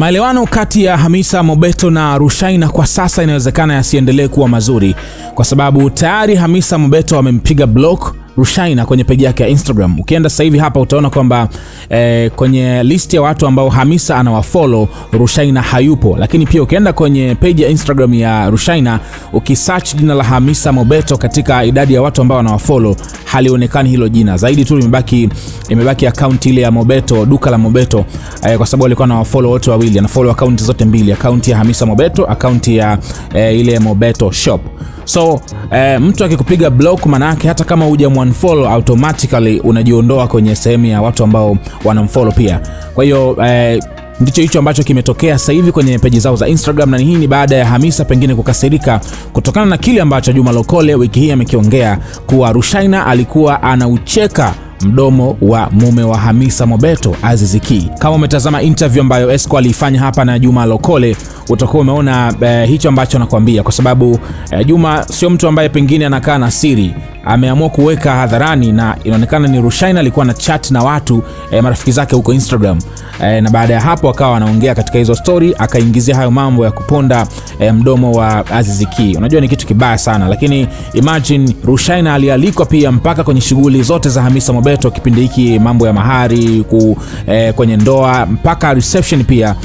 Maelewano kati ya Hamisa Mobeto na rushaina kwa sasa inawezekana yasiendelee kuwa mazuri kwa sababu tayari Hamisa Mobeto amempiga block rushaina kwenye peji yake ya Instagram. Ukienda sasa hivi hapa utaona kwamba eh, kwenye listi ya watu ambao Hamisa anawafollow rushaina hayupo, lakini pia ukienda kwenye peji ya Instagram ya rushaina ukisearch jina la Hamisa Mobeto katika idadi ya watu ambao anawafollow halionekani hilo jina zaidi tu imebaki imebaki akaunti ile ya Mobeto, duka la Mobeto eh, kwa sababu alikuwa na wafollow wote wawili, ana follow account zote mbili, akaunti ya Hamisa Mobeto, akaunti ya eh, ile Mobeto shop. So eh, mtu akikupiga block, maana hata kama huja unfollow automatically unajiondoa kwenye sehemu ya watu ambao wanamfollow pia. Kwa hiyo eh, Ndicho hicho ambacho kimetokea sasa hivi kwenye peji zao za Instagram, na hii ni baada ya Hamisa pengine kukasirika kutokana na kile ambacho Juma Lokole wiki hii amekiongea kuwa rushaina alikuwa anaucheka mdomo wa mume wa Hamisa Mobeto aziziki Kama umetazama interview ambayo Esco aliifanya hapa na Juma Lokole, utakuwa umeona eh, hicho ambacho anakuambia, kwa sababu eh, Juma sio mtu ambaye pengine anakaa na siri ameamua kuweka hadharani na inaonekana ni Rushaina alikuwa na chat na watu eh, marafiki zake huko Instagram eh, na baada ya hapo akawa anaongea katika hizo story, akaingizia hayo mambo ya kuponda eh, mdomo wa aziziki Unajua ni kitu kibaya sana, lakini imagine Rushaina alialikwa pia mpaka kwenye shughuli zote za Hamisa Mobeto kipindi hiki, mambo ya mahari ku, eh, kwenye ndoa mpaka reception pia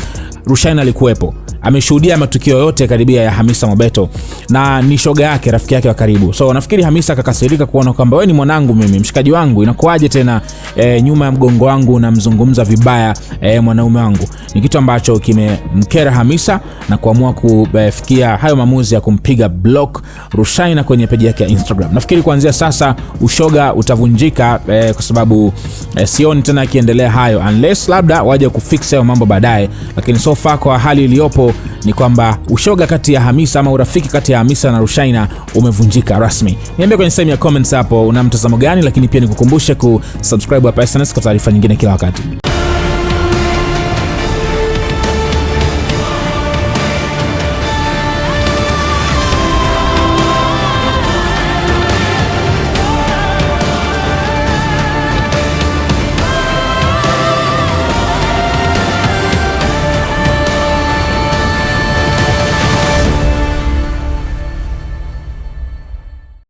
Rushaina alikuwepo ameshuhudia matukio yote karibia ya Hamisa Mobeto na ni shoga yake, rafiki yake wa karibu. So nafikiri Hamisa akakasirika kuona kwamba wewe ni mwanangu mimi, mshikaji wangu, inakuaje tena e, nyuma ya mgongo wangu namzungumza vibaya e, mwanaume wangu. Ni kitu ambacho kimemkera Hamisa na kuamua kufikia hayo maamuzi ya kumpiga block Rushaina kwenye peji yake ya Instagram. Nafikiri kuanzia sasa ushoga utavunjika e, kwa sababu e, sioni tena akiendelea hayo unless labda waje kufix hayo mambo baadaye, lakini so far kwa hali iliyopo ni kwamba ushoga kati ya Hamisa ama urafiki kati ya Hamisa na Rushaina umevunjika rasmi. Niambie kwenye sehemu ya comments hapo una mtazamo gani, lakini pia nikukumbushe kusubscribe hapa SnS kwa taarifa nyingine kila wakati.